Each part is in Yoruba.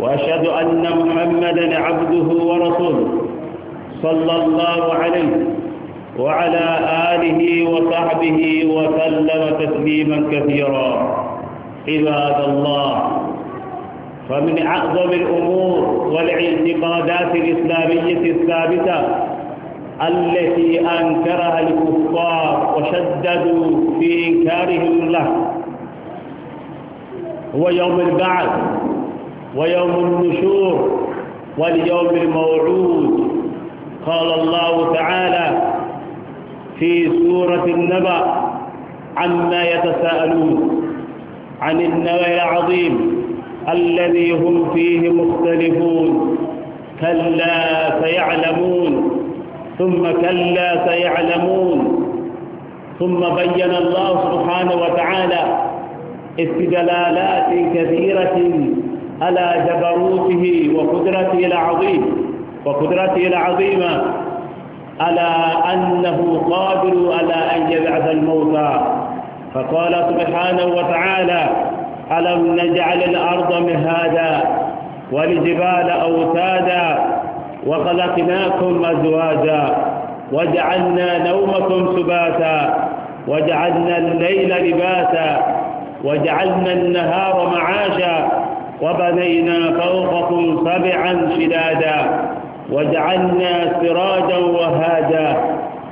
وأشهد أن محمدا عبده ورسوله صلى الله عليه وعلى آله وصحبه وسلم تسليما كثيرا عباد الله فمن أعظم الأمور والاعتقادات الإسلامية الثابتة التي أنكرها الكفار وشددوا في إنكارهم له هو يوم البعث ويوم النشور واليوم الموعود قال الله تعالى في سورة النبأ عما يتساءلون عن النبأ العظيم الذي هم فيه مختلفون كلا سيعلمون ثم كلا سيعلمون ثم بين الله سبحانه وتعالى استدلالات كثيرة على جبروته وقدرته العظيم وقدرته العظيمة على أنه قادر على أن يبعث الموتى فقال سبحانه وتعالى ألم نجعل الأرض مهادا والجبال أوتادا وخلقناكم أزواجا وجعلنا نومكم سباتا وجعلنا الليل لباسا وجعلنا النهار معاشا وبنينا فوقكم سبعا شدادا وجعلنا سراجا وهاجا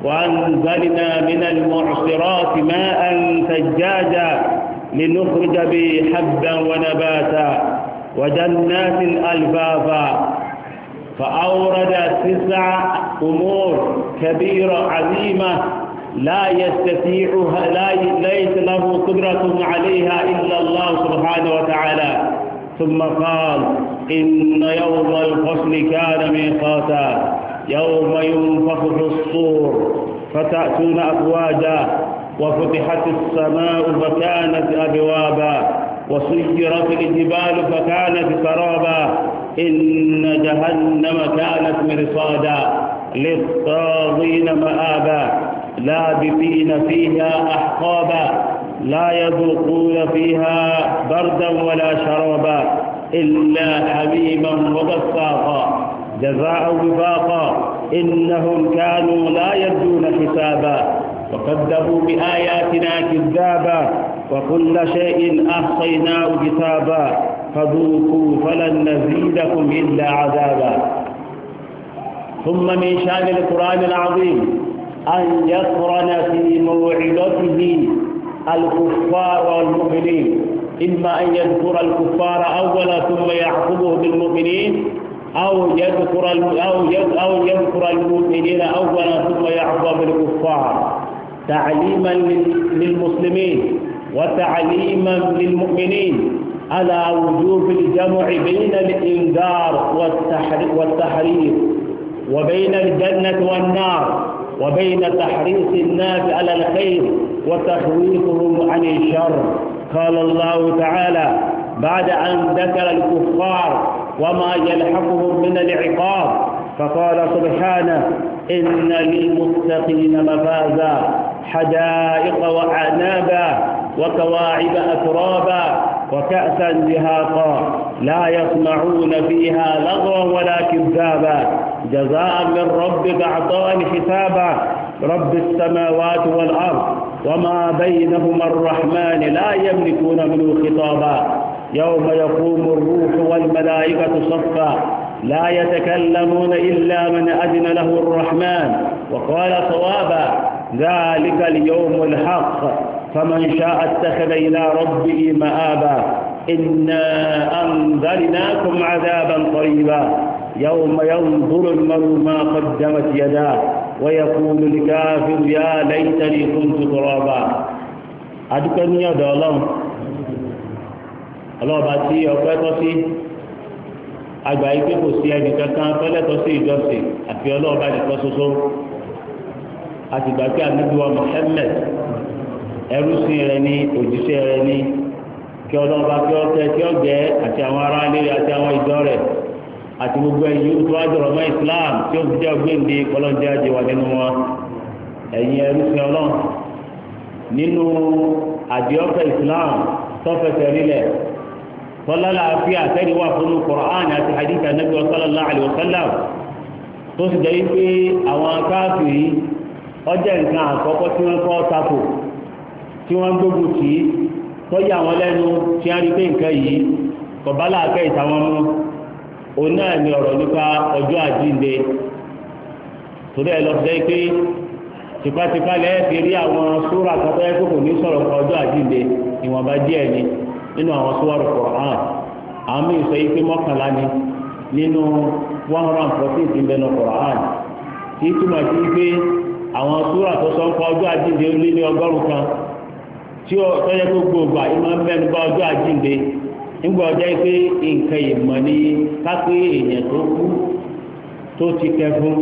وأنزلنا من المعصرات ماء ثجاجا لنخرج به حبا ونباتا وجنات ألفافا فأورد تسع أمور كبيرة عظيمة لا يستطيعها لا ليس له قدرة عليها إلا الله سبحانه وتعالى ثم قال إن يوم الفصل كان ميقاتا يوم ينفخ في الصور فتأتون أفواجا وفتحت السماء فكانت أبوابا وسيرت الجبال فكانت سرابا إن جهنم كانت مرصادا للطاغين مآبا لابثين فيها أحقابا لا يذوقون فيها بردا ولا شرابا إلا حبيبا وبصاقا جزاء وفاقا إنهم كانوا لا يرجون حسابا وكذبوا بآياتنا كذابا وكل شيء أحصيناه كتابا فذوقوا فلن نزيدكم إلا عذابا ثم من شان القرآن العظيم أن يقرن في موعظته الكفار والمؤمنين إما أن يذكر الكفار أولا ثم يعقبه بالمؤمنين أو يذكر أو أو يذكر المؤمنين أولا ثم يعقب بالكفار تعليما للمسلمين وتعليما للمؤمنين على وجوب الجمع بين الإنذار والتحريف وبين الجنة والنار وبين تحريص الناس على الخير وتخويفهم عن الشر قال الله تعالى بعد أن ذكر الكفار وما يلحقهم من العقاب فقال سبحانه إن للمتقين مفازا حدائق وأعنابا وكواعب أترابا وكأسا دهاقا لا يسمعون فيها لغوا ولا كذابا جزاء من ربك عطاء حسابا رب السماوات والأرض وما بينهما الرحمن لا يملكون منه خطابا يوم يقوم الروح والملائكة صفا لا يتكلمون إلا من أذن له الرحمن وقال صوابا ذلك اليوم الحق فمن شاء اتخذ إلى ربه مآبا إنا أنذرناكم عذابا قريبا يوم ينظر المرء ما قدمت يداه ويقول الكافر يا ليتني كنت ترابا أدكن يا دولم الله باتي tí ọpẹ́ tọ́ sí àgbà yìí pé kò sí ẹnì kankan tọ́lẹ́tọ́ sí ìjọsìn àfi ọlọ́ọ̀bá nìkan ẹrúsìn rẹ̀ ní òjíṣẹ́ rẹ̀ ní kí ọlọ́ọ̀bá kí ọ tẹ kí ọ gẹ́ àti àwọn ará nílé àti àwọn ìjọ rẹ̀ àti gbogbo ẹ̀yìn tó wá jọ̀rọ̀ mọ́ Islam tí ó fi jẹ́ gbéǹde kọlọ́jẹ́ ajé wà nínú wọn ẹ̀yin ẹrúsìn ọlọ́run nínú àdìọ́fẹ́ Islam tọ́fẹsẹ̀ nílẹ̀ tọ́lálà fi àtẹ́rí wà fún Qur'an àti hadith anabi sallallahu alayhi wa sallam tó sì jẹ́ wípé àwọn káàkiri ọjọ́ nǹkan àkọ́kọ́ tí wọ́n kọ́ tako tí wọ́n gbógun tì í tọ́jú àwọn lẹ́nu tí wọ́n rí pé nǹkan yìí kọ̀bá làákẹ́ ìtàwọn mú òun náà ní ọ̀rọ̀ nípa ọjọ́ àjíǹde torí ẹ lọ sí ẹ pé tipátipá lẹ́yìn rí àwọn sóra kan tó yẹ ní sọ̀rọ̀ kan ọjọ́ àjíǹde ìwọ̀nba díẹ̀ ni nínú àwọn sóra Kùránì àwọn míì sọ yìí pé mọ́kànlá ni nínú one hundred and fourteen ti bẹnu Kùránì tí túmọ̀ sí pé àwọn sóra tó sọ ń kọ ọjọ́ àjíǹde ó lé ní ọgọ́rùn kan tí ó tọ́jẹ́ gbogbo ọgbà ìmọ̀ mẹ́nu bá ọjọ́ àjíǹde nígbà ọjọ́ pé nǹkan ìmọ̀ ni kápé èèyàn tó kú tó ti kẹfún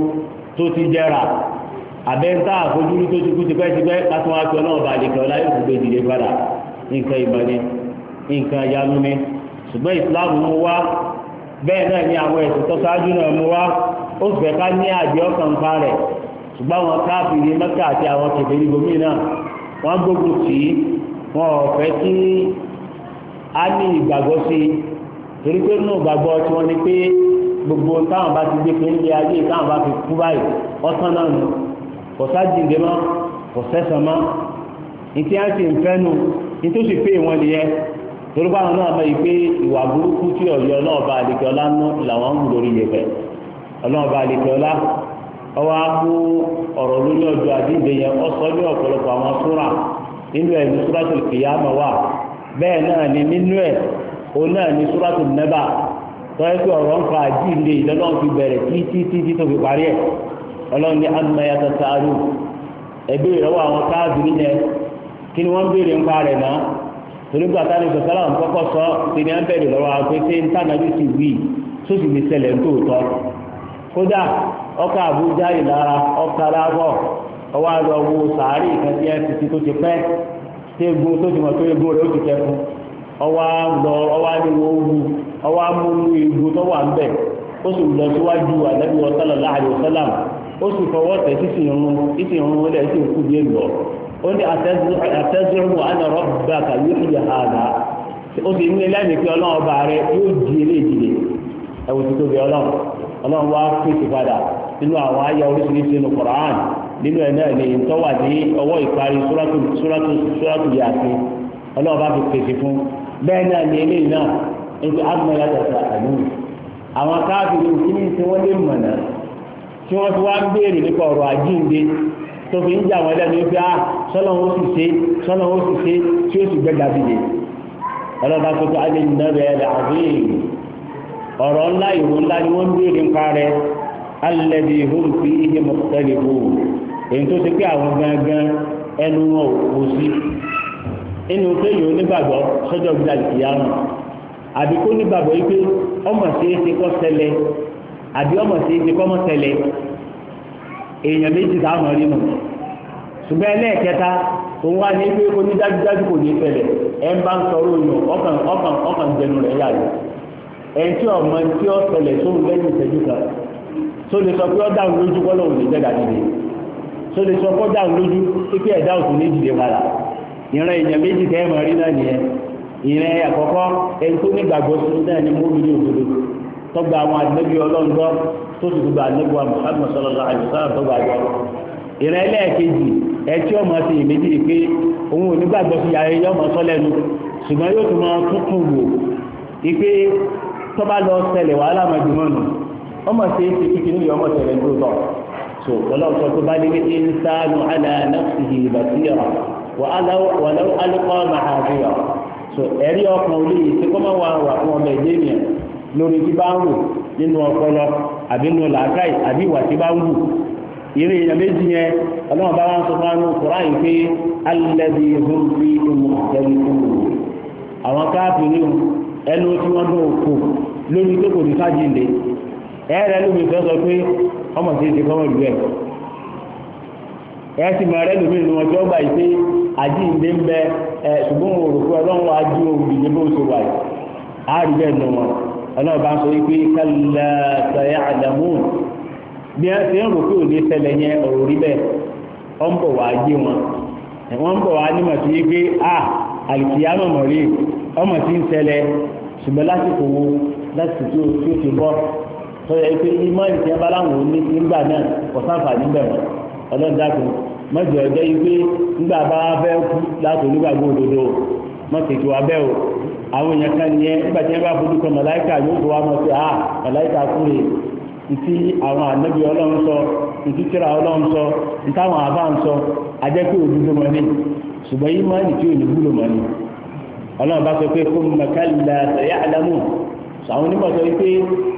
tó ti jẹrà àbẹ́ńtà àfojúrí tó ti kú tipẹ́tipẹ́ kátó wá tó náà bàlẹ̀ kẹ́ ọ̀la yóò gbé dìde padà nǹkan ìmọ̀ ni nǹkan ìyanu ni ṣùgbọ́n ìsìláàmù mú wá bẹ́ẹ̀ náà ni àwọn ẹ̀sìn tó ṣáájú náà mú wá ó fẹ́ ká ní àjẹ́ ọkàn pa rẹ̀ ṣùgbọ́n àwọn káàfin ní mẹ́kà àti àwọn kẹfẹ́ ní gómìnà wọ́n gbogbo tí wọ́n ọ̀fẹ́ tí a ní ìgbàgbọ́ sí torí pé nínú ìgbàgbọ́ tí wọ́n ní pé gbogbo táwọn bá ti gbé pé ń lé ayé táwọn bá fi kú báyìí ọ̀tán náà nù kò sájìǹde mọ́ kò sẹ́sàn mọ́ ìtí á sì ń fẹ́ nu nítòsí pé wọ́n nìyẹn torí báwọn náà mọ̀ yìí pé ìwà burúkú tí ọ̀yọ́ ọlọ́ọ̀bá àlekẹ́ọ́lá ń ná làwọn ń lórí yẹ̀fẹ́ ọlọ́ọ̀bá àlekẹ́ọ́lá ọwọ́ akú ọ̀rọ̀ lórí ọjọ́ àdínde yẹn ọ̀sọ́ ní ọ̀pọ̀lọpọ̀ àwọn súra nínú ẹ̀ ní súratul Qiyamah wà bẹ́ẹ̀ náà ni nínú ẹ̀ òun náà ni súratul Naba tọ́yẹ́ pé ọ̀rọ̀ ń fa àdínde ìlọ́lọ́run fi bẹ̀rẹ̀ títí títí tó fi parí ẹ̀ ọlọ́run ní amma yatasa'alun ẹ̀bí ìrọ̀wọ́ àwọn káàbìrì yẹn kí ni wọ́n béèrè ń pa rẹ̀ náà torí gbàtà ní sọ̀tàlà ọkọ̀ àbújá ìlara ọkọ̀ alábọ̀ ọwọ́ àlọ́ wo sàárì ìkàtí fcc tó ti pẹ́ tí egbò tó ti mọ̀ tó egbò rẹ̀ ó ti kẹfún ọwọ́ lọ ọwọ́ àníwò wu ọwọ́ amúnú egbò tó wà ń ó sì lọ síwájú ànábì sallallahu alaihi wasallam ó sì fọwọ́ tẹ̀ sísì irun sísì irun ó lẹ̀ sí òkú díẹ̀ lọ ó ní àtẹ́sírùmù ànàrọ̀ bá kàlí ìyá àdá ó sì ní ilé nìkan ọlọ́run ọba rẹ̀ yóò di eléjìlè ẹ̀wọ̀n tuntun bí ọlọ́run ọlọ́run wá fèsì padà nínú àwọn àyà oríṣiríṣi nínú Qur'an nínú ẹ̀ náà lè tọ́ wà ní ọwọ́ ìparí suratu suratu suratu Yasin ọlọ́run bá fi pèsè fún bẹ́ẹ̀ náà ní eléyìí náà ètò agbára tẹ̀sán àdúgbò àwọn káàkiri ìdílé tí wọ́n lè mọ̀ náà tí wọ́n fi wá ń béèrè nípa ọ̀rọ̀ àjíǹde tó fi ń jà wọ́n lẹ́nu pé ah sọ́nà ó sì ṣe sọ́nà ó sì ṣe tí ó sì gbẹ́ dàbílẹ̀ ọlọ́ba tó tó alẹ́ nínú rẹ̀ làbí ọ̀rọ̀ ńlá ìwò ńlá ni wọ́n ń béèrè nípa rẹ̀ alẹ́bí ìhóòrò fi ihe mọ̀tẹ́lẹ̀ òòrùn èyí tó ti pé àwọn gangan ẹnu wọn kò sí inú pé yóò nígbàgbọ́ sọ́jọ́ gbígbà ìyáàmù àbí kó nígbàgbọ́ yìí pé ọmọ sí é ti kọ́ ṣẹlẹ̀ àbí ọmọ sí é ti kọ́ mọ́ ṣẹlẹ̀ èèyàn méjì táwọn rí nù ṣùgbọ́n ẹlẹ́ẹ̀kẹta òun wá ní pé kò ní kò ní ṣẹlẹ̀ ẹ ń bá ń sọ̀rọ̀ òyìn ọkàn ọkàn ọkàn jẹnu rẹ̀ yàrá ẹ̀ ń tí ọmọ tí ó ṣẹlẹ̀ tó ń lẹ́yìn ìṣẹ́jú kan So lè sọ pé ọ́ dáhùn lójú kọ́ lóhùn lè jẹ́gà dìde tó lè sọ pé ọ́ dáhùn lójú pípẹ́ ẹ̀dá òtún ní dìde padà ìran èèyàn méjì tẹ́ ẹ̀ mọ̀ rí náà nìyẹn ìran àkọ́kọ́ ẹni tó nígbàgbọ́ sínú náà ni mú mi ní òdodo tọ́gbà àwọn àdínẹ́bí ọlọ́run gbọ́ tó ti gbogbo àdínẹ́bí wa Muhammad sallallahu alaihi wasallam tọ́gbà àjọ ìran ẹlẹ́ẹ̀kejì ẹtí ọmọ ti ìmẹ́jì rí pé òun ò nígbàgbọ́ sí ayé yọmọ sọ́lẹ́nu ṣùgbọ́n yóò tún máa tún kùn wò wípé tọ́ba lọ ṣẹlẹ̀ wàhálà máa jùmọ̀ nù ọmọ ṣe é ṣe kíkiri ní ọmọ ṣẹlẹ̀ tó tọ̀ so ọlọ́run sọ pé bá ní ní sáánù aláàánà ìhì ìbàtíyà wàlọ́ alùpọ̀ màhàbíyà so ẹ̀rí ọkàn olè yìí tí kò máa wà wà fún ọmọ ẹ̀dẹ́ ènìyàn lórí tí bá ń wù nínú ọpọlọ àbí nínú làákàyè àbí ìwà tí bá ń wù ìrè èèyàn méjì yẹn ọlọ́run bá wọn sọ fún anú kúrá yìí pé alẹ́bí ìhùn fi ìmọ̀ ìjẹun lórí tó kò ní sájì lé ẹ̀rẹ́ lómi tó sọ pé ọmọ tí ti kọ́mọ̀ jù ẹ̀ ẹ̀ sì máa rẹ́ lómi ní wọn tí ó gbà yìí pé àjíǹde ń bẹ ẹ̀ ṣùgbọ́n òun rò pé ọlọ́run wá jí òun dìde bó ṣe wà yìí á rí bẹ́ẹ̀ nù wọn ọlọ́run bá ń sọ wípé kálá sọ̀yà àdàmúùn bí wọ́n ti ń rò pé òde ṣẹlẹ̀ yẹn ọ̀rọ̀ rí bẹ́ẹ̀ wọ́n ń bọ̀ wá jí wọn wọ́n ń bọ̀ wá nímọ̀ sí wípé a àlìkìyàmọ̀ mọ̀rí ọmọ tí ń ṣẹlẹ̀ ṣùgbọ́n lásìkò wo lásìkò tí ti bọ́ sọ̀rọ̀ ike pé ike tí wọ́n bá láwọn òní nígbà náà kò sáǹfààní bẹ̀rẹ̀ ọlọ́dàkù mọ̀jọ̀ ẹ̀jẹ̀ yìí nígbà bá fẹ́ kú láti onígbàgbọ́ òdodo mọ̀tẹ̀tù abẹ́ o àwọn èèyàn kan nígbà tí wọ́n bá fojú kan yóò mọ̀ sí ah, àwọn ọlọ́run sọ tíra ọlọ́run sọ àbá ń sọ ajẹ́ pé ṣùgbọ́n yìí máa ń tí sọ pé kó àdámù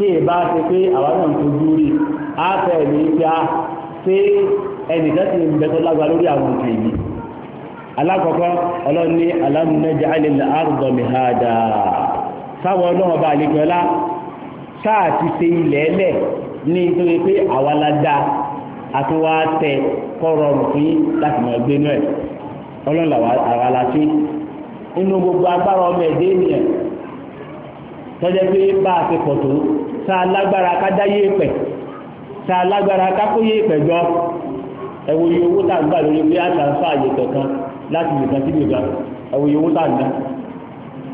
tí è bá ṣe pé àwọn náà tó dúrí á fẹ́ ẹ̀mí pé á ṣe ẹnìkan ti ń bẹ̀tọ́ lágbà lórí àwọn òkè yìí alákọ̀ọ́kọ́ ọlọ́run ní alam naj'alil arda la dá àtúwá tẹ kọ́rọ̀ fún láti mọ̀ inú gbogbo agbára ọmọ ẹ̀dẹ́ ènìyàn tọ́jẹ́ pé bá a ti pọ̀ tó sa alágbára ká dáyé yé pẹ̀ sa alágbára ká kó yé pẹ̀ jọ owó ń gbà lórí àyè kankan láti lè kan síbi ìgbà ẹ̀wò owó tá ń ná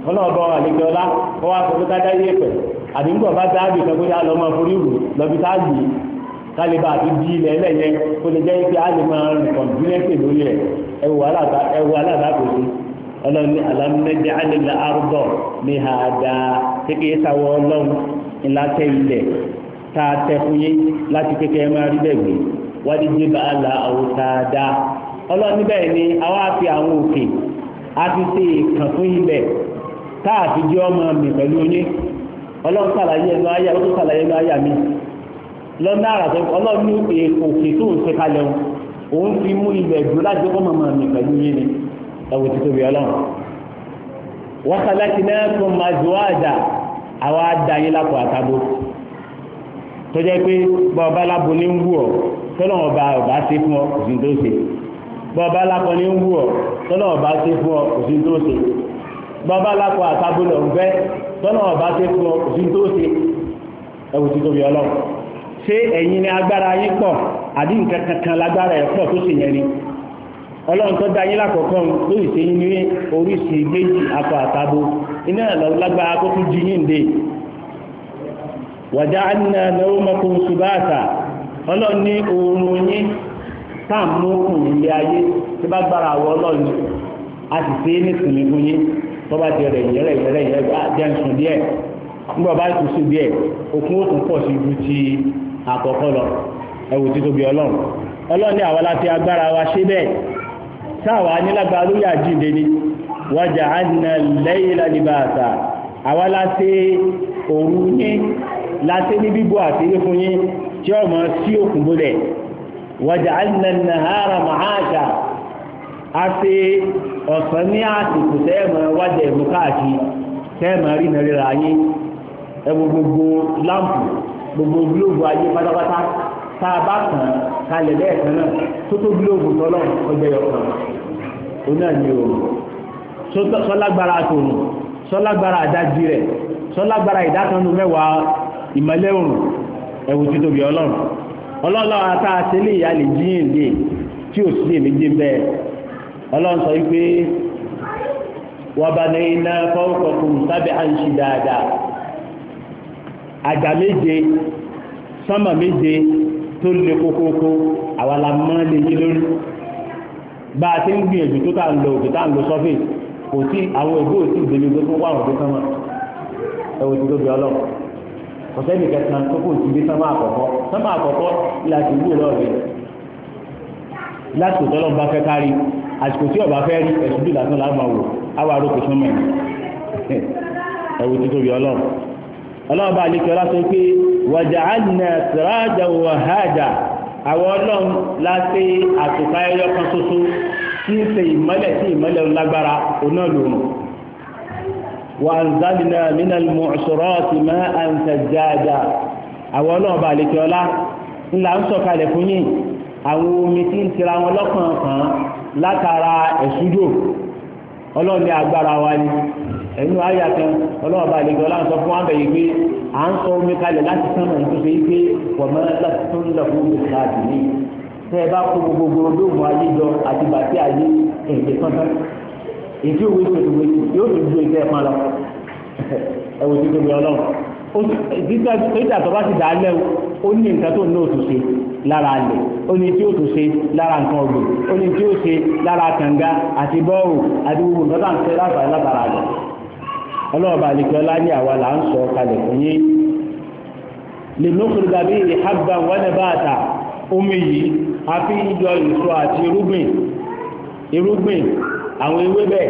ọlọ́ọ̀bọ àlejò ọlá wọ́n wá sọ pé dáàbì kan lọ forí rò lọ́bi tá ká lè bá àti di ilẹ̀ ẹlẹ́yẹ kó lè jẹ́ pé a lè máa rìn lórí ẹ̀ ẹ̀wò ọlọ́ni alámẹ́jẹ́ ńlá ilẹ̀ tá láti kékeré máa rí wọ́n ti dé bàálà àwòtáadá ọlọ́ọ̀ni bẹ́ẹ̀ ni àwa àwọn òkè a ti ṣe ìkàn fún ilẹ̀ tá fi ọmọ mi pẹ̀lú yín ọlọ́run sàlàyé ẹnu mi lọ́nà àrà tó òkè tó ń ṣe kalẹ̀ òun fi mú ilẹ̀ láti mi pẹ̀lú ni ti tóbi ọlọ́run wọ́n àjà àwa dáyé lápò àtàbò tó jẹ́ pé bọ́ọ̀bá lábo ní ń wù ọ́ tọ́lọ̀ ọba ọba ṣe fún ọ òsìn tó ṣe bọ́ọ̀bá lápò ní ń wù ọ́ tọ́lọ̀ ọba ṣe fún ọ òsìn tó ṣe bọ́ọ̀bá lápò àtàbò lọ ń fẹ́ tọ́lọ̀ ọba ṣe fún ọ òsìn tó ṣe ẹwù ọlọ́run tó dá yín lákọ̀ọ́kọ́ lóyìí ṣe ní oríṣi méjì akọ àtàbò iná lágbára kó tún jí yín dé wàjá ànà nawmakum subata ọlọ́run ní oorun yín táàmù kùn ilé ayé tí bá gbára àwọ̀ ọlọ́run a sì ṣe é ní ìsinmi fún yín tó bá di ọ̀rẹ̀ ìyẹ́rẹ̀ ìyẹ́rẹ̀ ìyẹ́rẹ̀ jẹ́ ń sùn díẹ̀ nígbà bá tún sùn díẹ̀ òkun ní wájà ánà lẹ́yìn lálibàtà àwa láti òru yín láti ní bíbò àtìrí fún yín tí ó mọ̀ sí òkun bólẹ̀ wájà ánà nàhárà màáṣà a ṣe ọ̀sán ní àsìkò tẹ́ẹ̀mọ̀ wájà ẹ̀mú káàkiri tẹ́ẹ̀mọ̀ rí nàríra yín ẹwọ gbogbo lámpù gbogbo gílóòbù ayé pátápátá tá a bá kàn kalẹ̀ lẹ́ẹ̀kan náà tó tó gílóòbù tọ́lọ̀ ọjọ́ yọkan òun náà ni òòrùn sọ́lágbára àtòrùn sọ́lágbára àdájí rẹ̀ sọ́lágbára ìdákanu mẹ́wàá ìmọ̀lẹ́ òrùn ẹ̀wù títóbi ọlọ́run ọlọ́run ata àtẹlẹ́ ìyá lè jíyìn lè tí ò sí èméjì bẹ́ẹ̀ ọlọ́run sọ wípé wọ́n bá ní iná fọ́nkọ̀kùn sábẹ́ à ń ṣe dáadáa àjà méje sánmà méje tó lè a ti ń gbìyànjú tó tà ń lo òkè tá ń lo sọ́fíìsì kò sí àwọn ìbò òsì ìdèlè tó tún wà òde sánmà ẹwọ ti tóbi ọlọ kò sẹ́ni kẹsàn-án tó kò sí bí sánmà àkọ́kọ́ sánmà àkọ́kọ́ láti wú lọ́ọ̀rẹ́ láti òtọ́lọ́ bá fẹ́ kárí àsìkò tí ọba fẹ́ rí ẹ̀sùn bí lásán láàmà wò áwà àrókò sánmà ẹwọ ti tóbi ọlọ ọlọ́ọ̀bá àlekẹ́ ọlá sọ pé wàjà á nà sàrájà wàhájà àwọn ọlọ́run la ṣe àtùpà ẹyọ kan ṣoṣo tí ń ṣe ìmọ́lẹ̀ tí ìmọ́lẹ̀ lágbára oná lòrùn wà ń zálìnà nínà mọ̀ṣọ̀rọ̀ ti máa ń tẹ̀jáàjà àwọn ọlọ́run bá lè kí ọlá ńlá ń sọ̀kalẹ̀ fún yín àwọn omi tí ń tira wọn lọ́kàn kan látara ẹ̀ṣújò ọlọ́run ní agbára wa ni ẹnu àyà kan ọlọ́wọ́ bá àlejò ọlá ń sọ fún wa bẹ̀yẹ̀ pé à ń sọ omi kalẹ̀ láti sàn náà tó ṣe é pé wọ̀mọ́ láti tó ń lọ́kùn òkè láti ní. tẹ́ ẹ bá kó gbogbo gbogbo ayé jọ àti bàtí ayé èdè kankan èdè òwe tòwé yóò tún ju ìfẹ́ ẹ̀pọn lọ ẹ̀wò tó tóbi ọlọ́run títà tó bá ti dà á lẹ́wọ̀ ó ní nǹkan tó ní òtún ṣe lára alẹ̀ ó ní tí ó tún ṣe lára nǹkan ọ̀gbìn ó ní tí ó lára kànga àti bọ́ọ̀rù àti gbogbo nǹkan tó ń ṣe látara látara alẹ̀ ọlọ́ọ̀bà àlejò ọlá ní àwa là ń sọ kalẹ̀ fún yín lè lókùnrin dàbí ìhábà wọlé báàtà omi yìí a fi ìjọ èso àti irúgbìn irúgbìn àwọn ewébẹ̀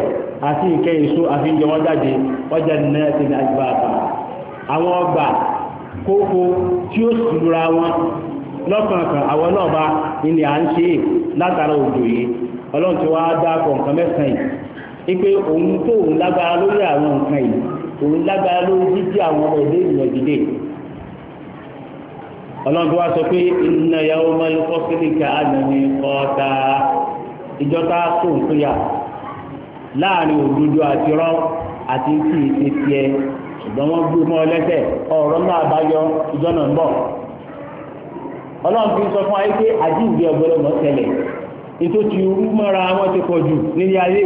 àti ìkẹ́ èso àfi ìjọ wọn jáde ọjà náà ti ní àjùbàbà àwọn ọgbà kókó tí ó sì lura wọn lọ́kànkàn àwọn náà ilẹ̀ à ń ṣe látara òjò yìí ọlọ́run ti wá dá kọ̀ọ̀kan mẹ́sàn-án ipe òun tó òun lágbára lórí àwọn nǹkan yìí òun lágbára lórí jíjí àwọn ọmọ ìlú ìwọ̀n dìde ọlọ́run tó wá sọ pé inna yawmal fasli ka'anna miqata ìjọta tó ń péyà láàrin òdodo àti rọ àti tí ìṣe tiẹ̀ ṣùgbọ́n wọ́n gbé mọ́ lẹ́sẹ̀ ọ̀rọ̀ náà báyọ ìjọ náà ń bọ̀ ọlọ́run fi sọ fún ayé pé àjíǹde ọ̀gbọ́dọ̀ mọ́ tẹ̀lẹ̀ ètò rú mọ́ra wọn ti pọ̀ jù nílé ayé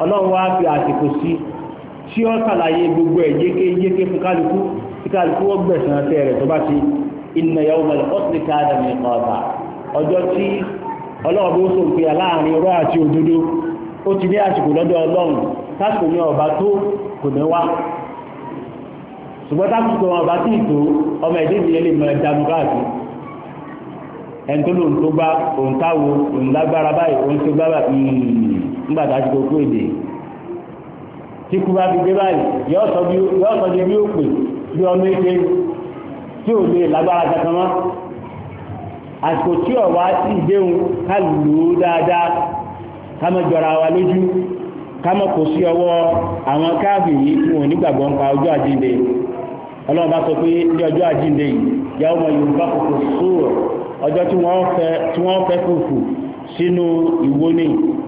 ọlọ́run wá fi àsìkò sí tí ó sàlàyé gbogbo ẹ̀ yéké yéké fún kálukú tí kálukú wọ́n gbẹ̀sán tẹ́ rẹ̀ tó bá ti inna yawmal husni kana miqata ọjọ́ tí ọlọ́run bó so pé aláàrin rọ́ àti òdodo ó ti ní àsìkò lọ́dọ̀ ọlọ́run tásìkò ní ọba tó kò ní wá ṣùgbọ́n tásìkò ọba tí ìtò ọmọ ẹ̀dẹ́ ìdílé lè mọ ẹja mú káàkiri ẹni tó lòun tó gbá òun táwo òun lágbára báyìí òun tó nígbà tá a ti kókó èdè tí kú bá fi dé báyìí yóò sọ bí ó pè bí ọmọ ike tí ò lè lágbára kankan mọ́ àsìkò tí ọ̀wá sí ìdéhùn ká lò ó dáadáa ká mọ́ jọra wa lójú ká mọ́ kò sí ọwọ́ àwọn káàfì yìí tí wọ́n nígbàgbọ́ ń pa ọjọ́ àjíǹde ọlọ́run bá sọ pé ní ọjọ́ àjíǹde yìí yàwó ọmọ yorùbá kòkò sóòrò ọjọ́ tí wọ́n fẹ́ fòfò sínú ìwónìí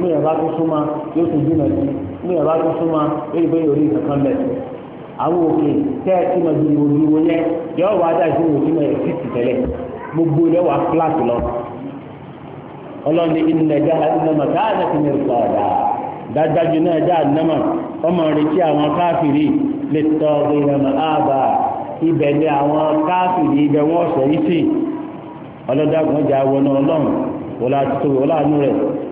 ní ẹ̀bá tó súnmọ́ yóò tún jìnà sí ní ẹ̀bá tó súnmọ́ yóò gbé orí kankan lẹ̀ àwọn òkè tẹ́ ẹ ti mọ ju ìwòjú wo yẹ yọ wá dá sí ìwòjú mọ ẹ̀ sí tẹ̀lẹ̀ gbogbo ilẹ̀ wà fúláàtì lọ ọlọ́ni ilẹ̀ jáde nàmà káàdà ti mẹ́rin sọ ọ̀dà dájájú náà jáde nàmà ọmọ rẹ̀ kí àwọn káfìrí lè tọ́ ìrànà ààbà ibẹ̀ ni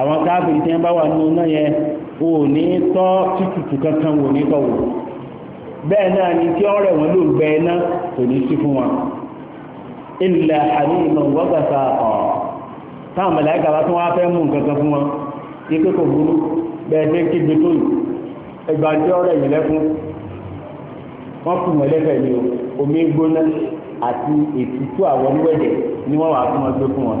àwọn káàkiri tí wọ́n bá wà nínú náà yẹn o ní tọ́ títùtù kankan wò ní tọ́wò bẹ́ẹ̀ náà ni tí ọ̀rẹ́ wọn ló gbẹ náà kò ní sí fún wọn ilẹ̀ àní ìmọ̀ wọ́gbàsá ọ̀ táwọn mẹ̀láìkà bá tún wá fẹ́ mú nǹkan kan fún wọn ní pé kò burú bẹ́ẹ̀ ṣe kígbe tó yìí ẹgbà tí ọ̀rẹ́ yìí lẹ́kún wọ́n kù wọ́n lẹ́fẹ̀ẹ́ ni omi gbóná àti ètùtù àwọn oníwẹ̀dẹ̀ ni wọ́n wà fún wọn gbé fún wọn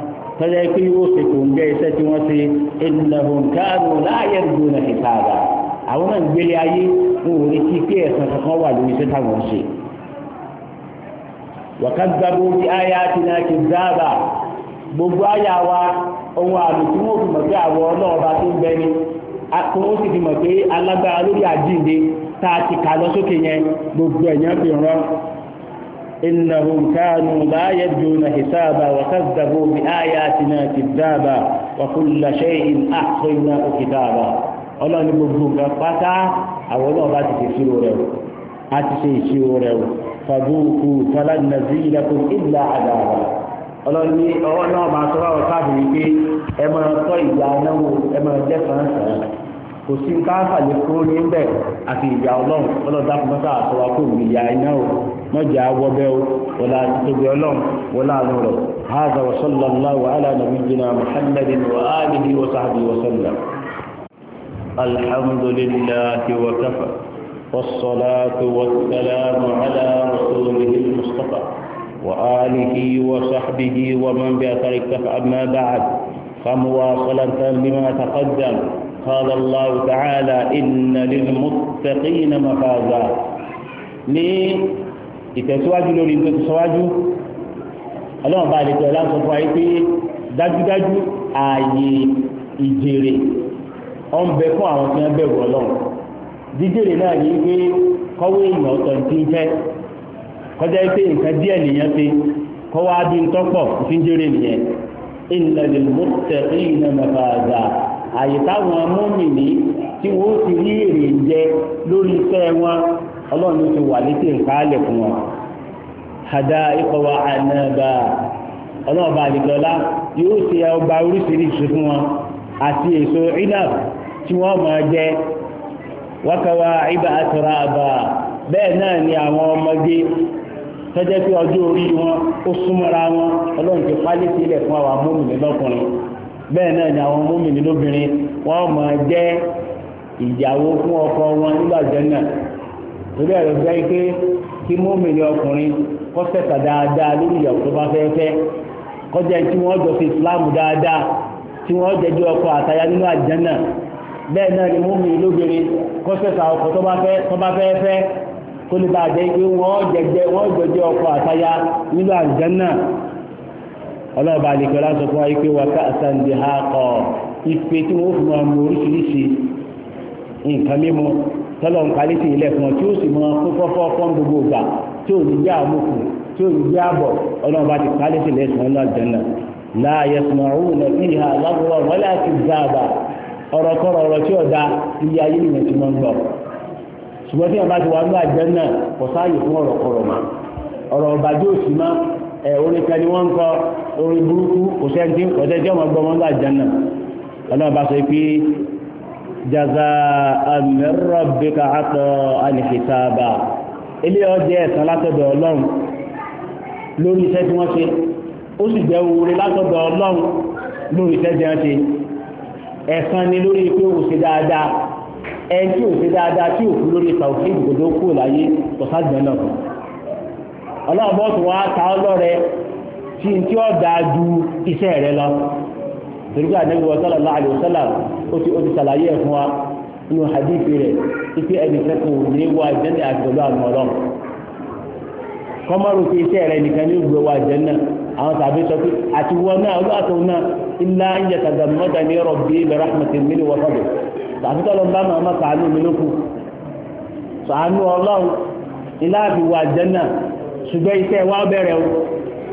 tọ́jà pé yóò ṣe kò ń gẹ́ iṣẹ́ tí wọ́n ṣe innahum kanu la yarjuna hisaba àwọn náà ń gbélé ayé wọn ò retí pé ẹ̀sán kankan wà lórí iṣẹ́ táwọn ń ṣe. wa kazzabu bi ayatina kizzaba gbogbo àyà wa ohun àmì tí wọ́n fi mọ̀ pé àwọ̀ ọlọ́ọ̀ba tó ń bẹni kó wọ́n sì fi mọ̀ pé alágbára lórí àjíǹde tá a ti kà lọ sókè yẹn gbogbo ẹ̀yàn fi rán إنهم كانوا لا يرجون حسابا وكذبوا بآياتنا كذابا وكل شيء أحصيناه كتابا ọlọ́run ní gbogbo nǹkan pátá àwọn ọlọ́run bá ti ṣe ìṣirò rẹ̀ o a ti ṣe ìṣirò rẹ̀ o fàbùkù fàlànàzí ilẹ̀kùn ìlà àdàbà ọlọ́run ní ọwọ́ náà máa sọ fáwọn káàbì wípé ẹ máa tọ́ ìgbà náà ẹ máa jẹ́ sàn-án sàn-án kò sí káàkà lè kúrò ní bẹ̀ àti ìyá ọlọ́run ọlọ́dà fún mọ́tà àtọwà kò ní ìyá iná o mọ́jà wọ́bẹ̀ o wọlá tóbi ọlọ́run wọlá àánú rẹ̀ hàzà wa sallallahu ala nabiyyina muhammadin wa alihi wa sahbihi wa sallam alhamdulillahi wa kafa wa wa salamu ala والصلاة والسلام على رسوله المصطفى وآله وصحبه ومن بأثر اكتفى أما بعد فمواصلة لما تقدم قال الله تعالى إن للمتقين مفازا ní ìtẹ̀síwájú lórí tó ti sọ́wájú ọlọ́run bá lè tẹ̀lá sọ fún ayé pé dájúdájú ààyè ìjèrè ọ̀n bẹ fún àwọn tí wọ́n bẹ̀rù ọlọ́run jíjèrè náà ní pé kọ́wé èèyàn ọ̀tọ̀ tí ń fẹ́ kọjá pé nǹkan díẹ̀ nìyẹn ṣe kọ́wá bí ń tọ́pọ̀ fi ń jèrè nìyẹn innal muttaqina mafaza àyè táwọn t'i tí wọ́n ti rí èrè jẹ lórí iṣẹ́ wọn ọlọ́run ti wà létí ìkálẹ̀ fún wọn àdá ìkọwà ànáàbà ọlọ́ọ̀bà si yóò ṣe ọgbà oríṣiríṣi fún wọn àti èso inab tí wọ́n máa jẹ wákàwá ibà àtọ̀rà àbà bẹ́ẹ̀ náà ni àwọn ọmọdé tọ́jẹ́ pé ọjọ́ orí wọn ó súnmọ́ra wọn ọlọ́run ti pálí sílẹ̀ fún àwọn lọ́kùnrin bẹ́ẹ̀ náà ni àwọn múmìnì lóbìnrin wọ́n mọ̀ jẹ́ ìyàwó fún ọkọ wọn nígbà jẹ́nà torí ẹ̀rọ fẹ́ pé kí múmìnì ọkùnrin kọ́ sẹ̀sà dáadáa lórí ìyàwó tó bá fẹ́ kọjá tí wọ́n jọ Islam dáadáa tí wọ́n jẹjọ́ ọkọ àtayá nínú àjẹ́nà bẹ́ẹ̀ náà ni lóbìnrin kọ́ tó bá ọlọ́ọ̀bá àlekọ́lá sọ fún wa yìí pé wà ká àsàǹdì ha kọ̀ ìpè tí wọ́n fi máa mú oríṣiríṣi nǹkan mímu tọ́lọ̀ ń kalẹ́ sí ilẹ̀ fún ọ tí ó sì mọ fọ́fọ́ fọ́n gbogbo ìgbà tí ò ní jẹ́ àmúkù tí ò ní jẹ́ àbọ̀ ọlọ́ọ̀bá ti kalẹ́ sí ilẹ̀ sùn náà jẹ́ náà láàyè sùnmọ̀rún ọ̀rọ̀ ọba ti ẹ̀ orin kan ni wọ́n ń kọ́ orí burúkú òṣèjì ọ̀tẹ́jọ́ ọmọ gbọmọ ńlá jẹ́nà ọlọ́run bá sọ pé jaza amẹ́rọ̀bíkà àtọ̀ alìkìtàbà ilé ọjẹ́ ẹ̀sán látọ̀dọ̀ ọlọ́run lórí iṣẹ́ tí wọ́n ṣe ó sì jẹ́ oore látọ̀dọ̀ ọlọ́run lórí iṣẹ́ tí wọ́n ṣe ẹ̀sán ni lórí pé ó ṣe dáadáa ẹni tí ò jẹ́ náà sí tí ó dáa ju iṣẹ́ rẹ lọ torípé ànábì wa sallallahu alaihi wasallam ó ti ó ti ṣàlàyé ẹ̀ fún wa nínú hadithi rẹ̀ ipe ẹnìkan kò ní wá ìjẹ́nà àti pẹ̀lú àwọn ọlọ́run kọ́mọ́rù pé iṣẹ́ rẹ̀ nìkan ní ìgbé wa ìjẹ́nà àwọn tàbí sọ pé àti wọn náà olóòtú náà ilá ń yẹ tàbí mọ́ta ní rabbi bi rahmatin minhu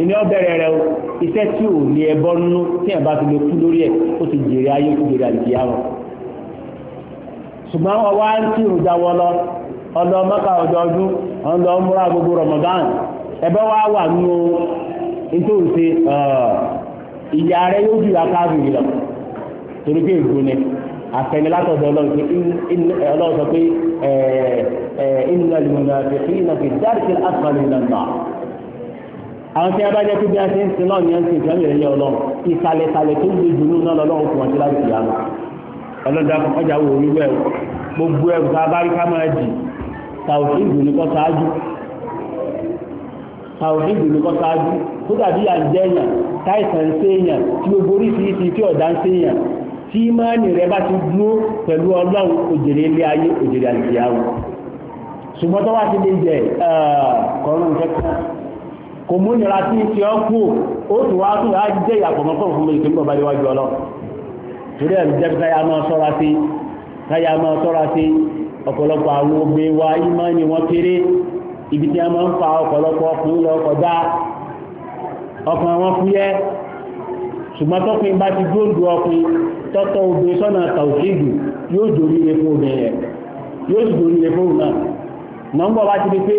ìní ọbẹ̀rẹ̀ rẹ o iṣẹ́ tí ò ní ẹbọ nínú tí ti lè kú lórí ẹ̀ ó ti jèrè ayé ó jèrè ṣùgbọ́n ọwọ́ á ń tí ìrùn jáwọ́ lọ ọ̀dọ̀ mọ́kà ọdọọdún ọdọ múra gbogbo Ramadan ẹ̀bẹ̀ wà nínú nítòsí ìyá rẹ yóò jù akáàbì lọ torí pé ni ọlọ́run sọ pé náà fi àwọn tí a bá jẹ́ pé bí a ṣe ń sin náà ni a ń sin ìjọba ìrẹ́lẹ̀ ọlọ́run ìsàlẹ̀sàlẹ̀ tó gbé jù náà lọ́lọ́run fún ọtí láti ìyá lọ ọlọ́dà ọjà wò orí bẹ́ẹ̀ gbogbo ẹ̀rù tá a bá rí ká máa jì tàwùsí ìlú ní kọ́ sáájú tàwùsí ìlú ní kọ́ sáájú tó dàbí à ń jẹ́ èèyàn táìsàn ń ṣe èèyàn tí gbogbo oríṣiríṣi tí ọ̀dà ń ṣe èèyàn tí ìmọ̀ọ́nì rẹ bá ti dúró pẹ̀lú ọlọ́run òjèrè ilé ayé òjèrè àlùfíà wọn ṣùgbọ́n tó wá ti lè jẹ kọ́rùn-ún kẹ́kọ̀ọ́ kò mú nira tí ti ọ́ kú ó tù wá tù á jẹ́ ìyàpọ̀mọ́ fún òfin ìpín bọ̀bá níwájú ọlọ́ torí ẹ̀ jẹ́ káyà máa sọ́ra sí káyà máa sọ́ra sí ọ̀pọ̀lọpọ̀ àwọn obìnrin wa ìmọ̀ ni wọ́n kéré ibi tí a máa ń fa ọ̀pọ̀lọpọ̀ ọkùnrin lọ kọjá ọkàn wọn fúyẹ́ ṣùgbọ́n tọ́kùnrin bá ti gbóòdù ọkùnrin tọ́tọ́ obìnrin sọ́nà tàùsíìdù yóò dòrí ilé fún yóò sì dòrí náà nọ́mbà bá ti di pé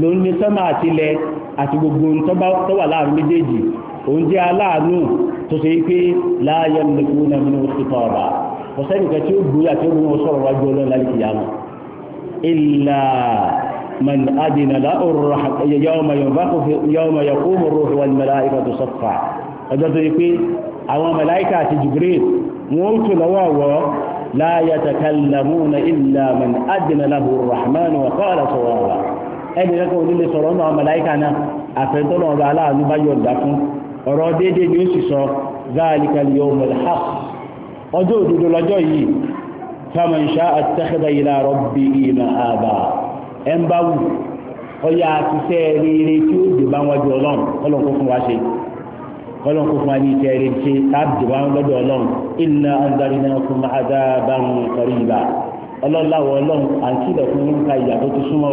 ló ń ní sọ́mà àtilẹ̀ àti gbogbo tó wà láàrin méjèèjì òun jẹ́ aláàánú tó ṣe pé láàyè mẹ́kú náà nínú oṣù tọ́ọ̀bà kò sẹ́nìkan tí ó gbóyà tí ó gbóyà wọn ẹni rẹ́kọ̀ onílé sọ̀rọ̀ náà màláìkà náà àfẹ́tọ́nà ọba aláàánú bá yọ̀ǹda fún ọ̀rọ̀ déédéé ni ó sì sọ zalika al-yawmul haqq ọjọ́ òdodo lọ́jọ́ yìí faman sha'a ittakhadha ila rabbihi fún wa ní ìtẹ́ ṣe táàbì bá wọn lọ́dọ̀ ọlọ́run inna anzarnakum adaban qariba ọlọ́láwọ̀ ọlọ́run àǹtílẹ̀ fún yín ká ìyàtọ̀ tó súnmọ́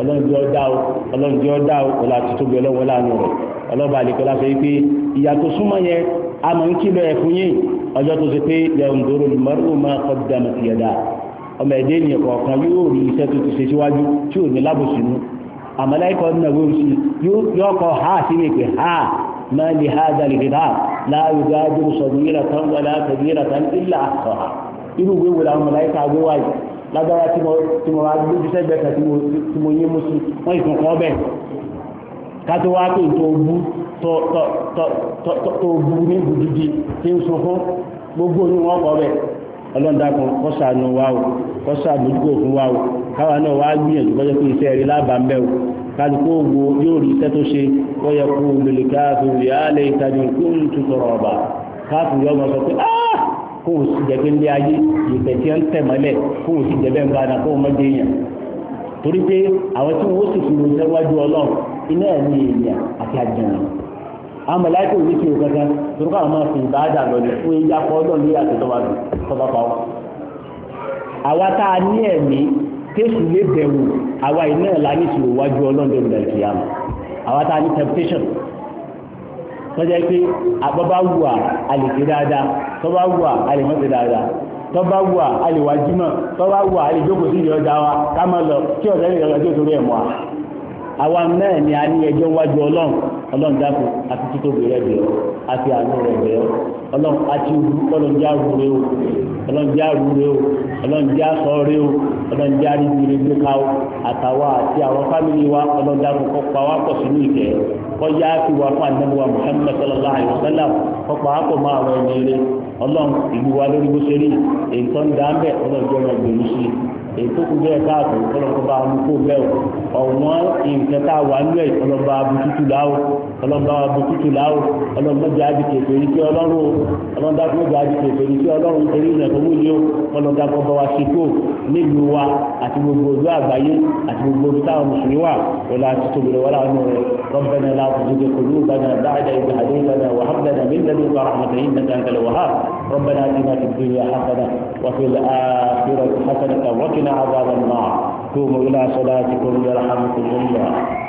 ọlọ́njẹ́ ọ̀dá o ọlọ́njẹ́ ọ̀dá o ọ̀là àtútóbi ọlọ́wọ́ lánàá rẹ̀ ọlọ́ba àlekọ́ láfẹ́ yìí pé ìyá tó súnmọ́ yẹn a mọ̀ ń kílọ̀ ẹ̀ fún yín ọjọ́ tó ṣe pé yàǹdóró lùmọ́rù máa kọ́ dànù sí ẹ̀dá ọmọ ẹ̀dẹ́ ènìyàn kọ̀ọ̀kan yóò rí iṣẹ́ tó ti ṣe síwájú tí ò ní lábòsínú àmàláìkọ̀ nínú ẹ̀wọ̀n sí yóò kọ́ ha sí ní pé ha máa lè ha dàlè kìtà láàyò gáájú sọ̀dúnrírà tán wọlé àtẹ̀dírà tán ilà àkọ́ha irú ìwé wo làwọn màláìkà agbówáyé lágbára tí mo wá lójú sẹ́gbẹ́ kan tí mo yé musu wọ́n ìsìn kan bẹ̀ kátó wá tó tó ní bùdídì tí ń sọ fún gbogbo ní wọ́n kọ́ ọlọ́ndàkùn kọ́sàánú wa o kọ́sàmójúkò fún wa o káwa náà wá gbìyànjú kọjá pé iṣẹ́ rí sọ pé áà ah! kó o sì jẹ́ gbélé ayé ìfẹ́ tí ó ń tẹ̀ mọ́lẹ̀ kó o sì jẹ́ bẹ́ẹ̀ ń bára kó o mọ́ dé yàn torí pé àwọn tí wọ́n sì fi lò sẹ́wájú ọlọ́run iná ẹ̀ ní èèyàn àti àjẹmọ́ àwọn mọ̀láìkì òní kí o kankan torí káwọn máa fi ìbáàdà lọ ní fún ẹ̀yà kọ́ ọlọ́run lórí àti tọ́ba dùn pa ọ́ àwa tá a ní ẹ̀mí tẹ́sù lè bẹ̀rù àwa iná ẹ̀ la ní ìṣòro wájú ọlọ́run lórí àti àmọ́ àwa tá a tọ́jà pé àbábá wùwà a lè ṣe dáadáa tọ́bá wùwà a lè má ṣe dáadáa tọ́bá wùwà a tọ́bá wùwà a sí ìyọ̀ wa ká máa lọ kí ọ̀sẹ̀ ní ìyọ̀ ọjọ́ ni a ní ẹjọ́ ọlọ́run dáko àti títóbi rẹ bẹ̀rọ àti àánú rẹ bẹ̀rọ ọlọ́run àti wù ọlọ́run já wù rẹ o ọlọ́run já wù rẹ o ọlọ́run já sọ rẹ o ọlọ́run já rí ibi rẹ gbé ká o àtàwa àti àwọn fámìlì wa ọlọ́run dáko kọ́ pa wá pọ̀ sínú ìkẹ́ kọjá fi wà fún àdánù wa Muhammad sallallahu alayhi wa sallam kọ́ pa wá pọ̀ mọ́ àwọn ẹni rẹ ọlọ́run ìlú wa lórí bó ṣe rí èyí tó ń dá ń bẹ̀ ọlọ́run jẹ́ ọmọ ètò kù bẹ́ẹ̀ káàtó ọlọ́kọ̀ọ́ba amúkó bẹ́ẹ̀ ọ̀wọ́n nǹkan tá a wà ń lẹ̀ ọlọ́ba abutútù láwò ọlọ́ba abutútù láwò ọlọ́mọdé adìkè pèrí kí ọlọ́run ọlọ́dàgbọ́dọ̀ adìkè pèrí kí ọlọ́run torí ìrìn àtọ́wò yìí ó ọlọ́dàgbọ́dọ̀ wa ṣe kó nílùú wa àti gbogbo ìlú àgbáyé àti gbogbo ìlú táwọn mùsùlùmí wà wọlé àti tóbi wọlé àwọn ọmọ rẹ ربنا لا تزغ قلوبنا بعد إذ هديتنا وهب لنا من لدنك رحمة إنك أنت الوهاب ربنا آتنا في الدنيا حسنة وفي الآخرة حسنة وقنا وقنا عذاب النار قوموا إلى صلاتكم يرحمكم الله